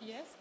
Yes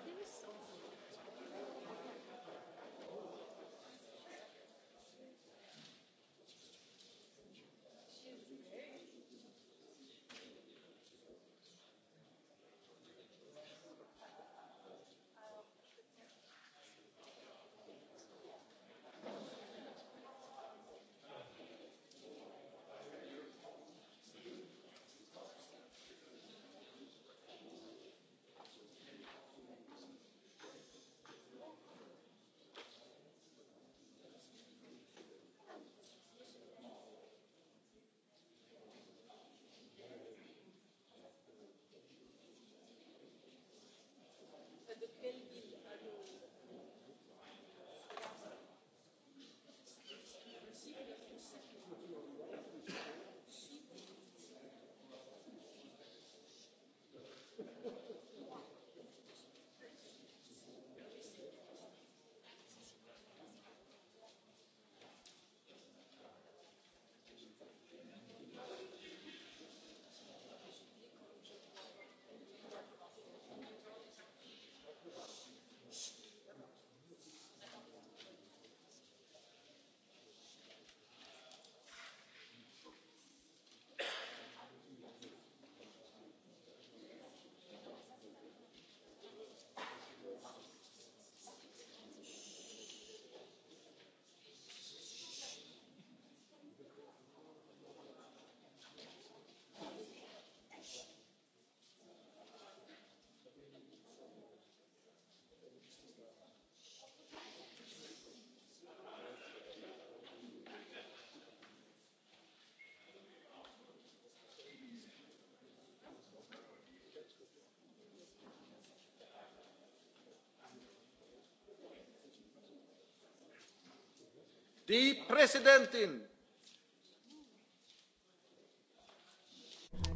die präsidentin!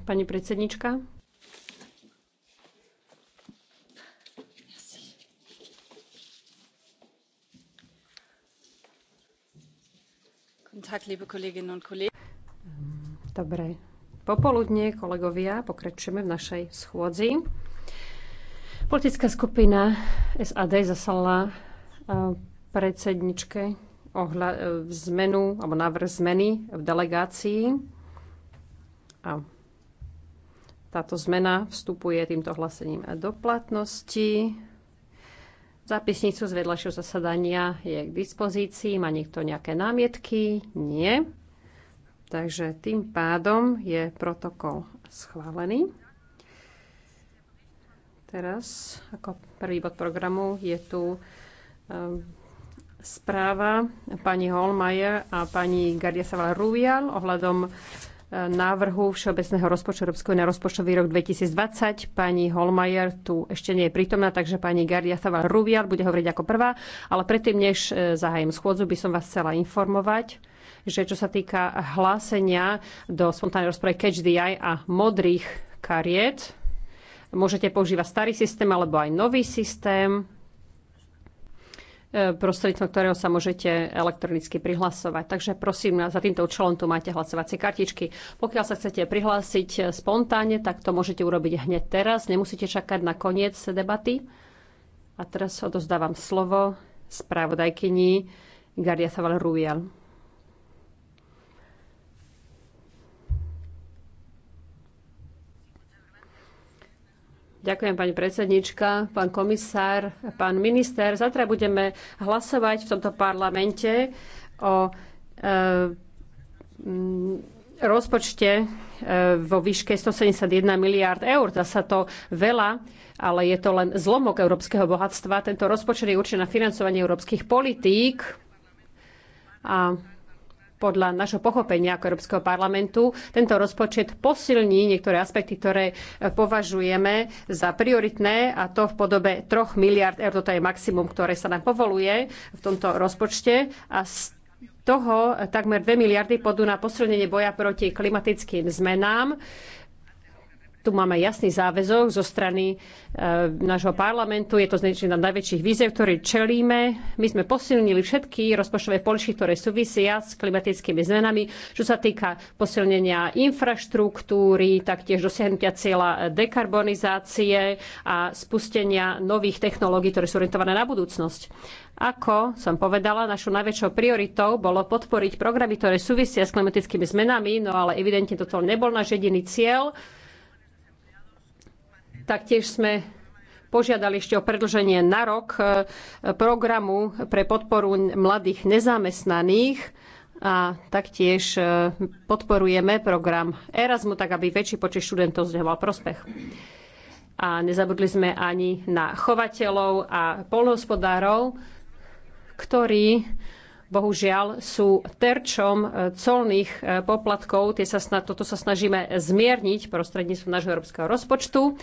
pani predsedníčka Dobré popoludnie kolegovia. Pokračujeme v našej schôdzi. Politická skupina SAD zaslala eh, predsedničke ohľa- e, zmenu alebo návrh zmeny v delegácii. A táto zmena vstupuje týmto hlasením do platnosti. Zápisnicu z vedľajšieho zasadania je k dispozícii. Má niekto nejaké námietky? Nie. Takže tým pádom je protokol schválený. Teraz ako prvý bod programu je tu um, správa pani Holmajer a pani Gardia Savala Rubial ohľadom e, návrhu Všeobecného rozpočtu Európskej na rozpočtový rok 2020. Pani Holmajer tu ešte nie je prítomná, takže pani Gardia Savala Rubial bude hovoriť ako prvá. Ale predtým, než e, zahájem schôdzu, by som vás chcela informovať, že čo sa týka hlásenia do spontánnej rozpravy Catch the Eye a modrých kariet, môžete používať starý systém alebo aj nový systém prostredníctvom ktorého sa môžete elektronicky prihlasovať. Takže prosím, za týmto účelom tu máte hlasovacie kartičky. Pokiaľ sa chcete prihlásiť spontánne, tak to môžete urobiť hneď teraz. Nemusíte čakať na koniec debaty. A teraz odozdávam slovo spravodajkyni Gardia Saval Rubial. Ďakujem, pani predsednička, pán komisár, pán minister. Zatra budeme hlasovať v tomto parlamente o e, eh, m, rozpočte e, vo výške 171 miliárd eur. Dá sa to veľa, ale je to len zlomok európskeho bohatstva. Tento rozpočet je určený na financovanie európskych politík a podľa našho pochopenia ako Európskeho parlamentu tento rozpočet posilní niektoré aspekty, ktoré e, považujeme za prioritné a to v podobe 3 miliard eur, toto je maximum, ktoré sa nám povoluje v tomto rozpočte a z toho takmer 2 miliardy pôjdu na posilnenie boja proti klimatickým zmenám tu máme jasný záväzok zo strany e, nášho parlamentu. Je to jedna na najväčších výzev, ktoré čelíme. My sme posilnili všetky rozpočtové poličky, ktoré súvisia s klimatickými zmenami, čo sa týka posilnenia infraštruktúry, taktiež dosiahnutia cieľa dekarbonizácie a spustenia nových technológií, ktoré sú orientované na budúcnosť. Ako som povedala, našou najväčšou prioritou bolo podporiť programy, ktoré súvisia s klimatickými zmenami, no ale evidentne toto nebol náš jediný cieľ. Taktiež sme požiadali ešte o predlženie na rok e, programu pre podporu mladých nezamestnaných a taktiež e, podporujeme program Erasmu, tak aby väčší počet študentov z neho mal prospech. A nezabudli sme ani na chovateľov a polnohospodárov, ktorí bohužiaľ sú terčom e, colných e, poplatkov. Tie sa, toto sa snažíme zmierniť prostredníctvom nášho európskeho rozpočtu.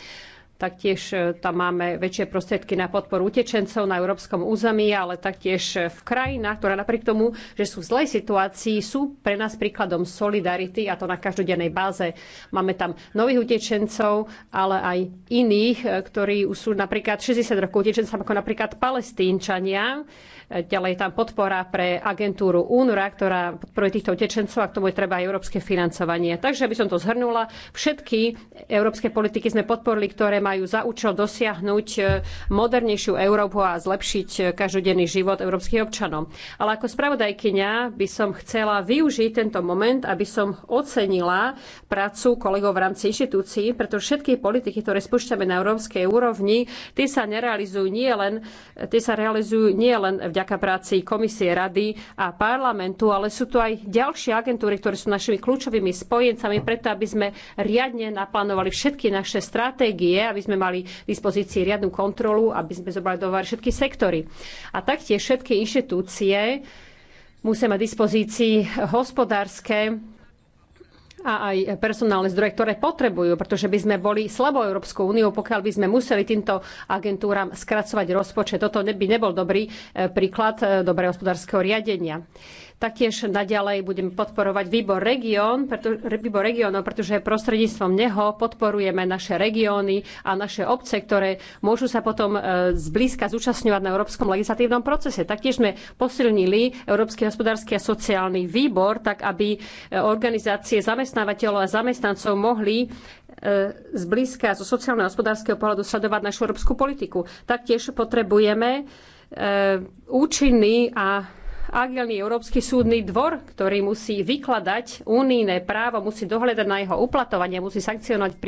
Taktiež e, tam máme väčšie prostriedky na podporu utečencov na európskom území, ale taktiež e, v krajinách, ktoré napriek tomu, že sú v zlej situácii, sú pre nás príkladom solidarity a to na každodennej báze. Máme tam nových utečencov, ale aj iných, e, ktorí sú napríklad 60 rokov utečencov, ako napríklad palestínčania. Ďalej je tam podpora pre agentúru UNRWA, ktorá podporuje týchto utečencov a k tomu je treba aj európske financovanie. Takže, aby som to zhrnula, všetky európske politiky sme podporili, ktoré má majú za účel dosiahnuť e, modernejšiu Európu a zlepšiť e, každodenný život európskych občanov. Ale ako spravodajkyňa by som chcela využiť tento moment, aby som ocenila prácu kolegov v rámci inštitúcií, pretože všetky politiky, ktoré spúšťame na európskej úrovni, tie sa nerealizujú nie len, tie sa realizujú nie len vďaka práci komisie, rady a parlamentu, ale sú tu aj ďalšie agentúry, ktoré sú našimi kľúčovými spojencami, preto aby sme riadne naplánovali všetky naše stratégie, aby aby sme mali v dispozícii riadnu kontrolu, aby sme zobrali do všetky sektory. A taktiež všetky inštitúcie musia mať dispozícii hospodárske a aj personálne zdroje, ktoré potrebujú, pretože by sme boli slabou Európskou úniou, pokiaľ by sme museli týmto agentúram skracovať rozpočet. Toto by nebol dobrý eh, príklad eh, dobrého hospodárskeho riadenia. Taktiež naďalej budeme podporovať výbor, region, preto, výbor regionov, pretože prostredníctvom neho podporujeme naše regióny a naše obce, ktoré môžu sa potom e, zblízka zúčastňovať na európskom legislatívnom procese. Taktiež sme posilnili Európsky hospodársky a sociálny výbor, tak aby e, organizácie zamestnávateľov a zamestnancov mohli e, zblízka zo sociálneho a hospodárskeho pohľadu sledovať našu európsku politiku. Taktiež potrebujeme účinný a agilný Európsky súdny dvor, ktorý musí vykladať unijné právo, musí dohľadať na jeho uplatovanie, musí sankcionovať v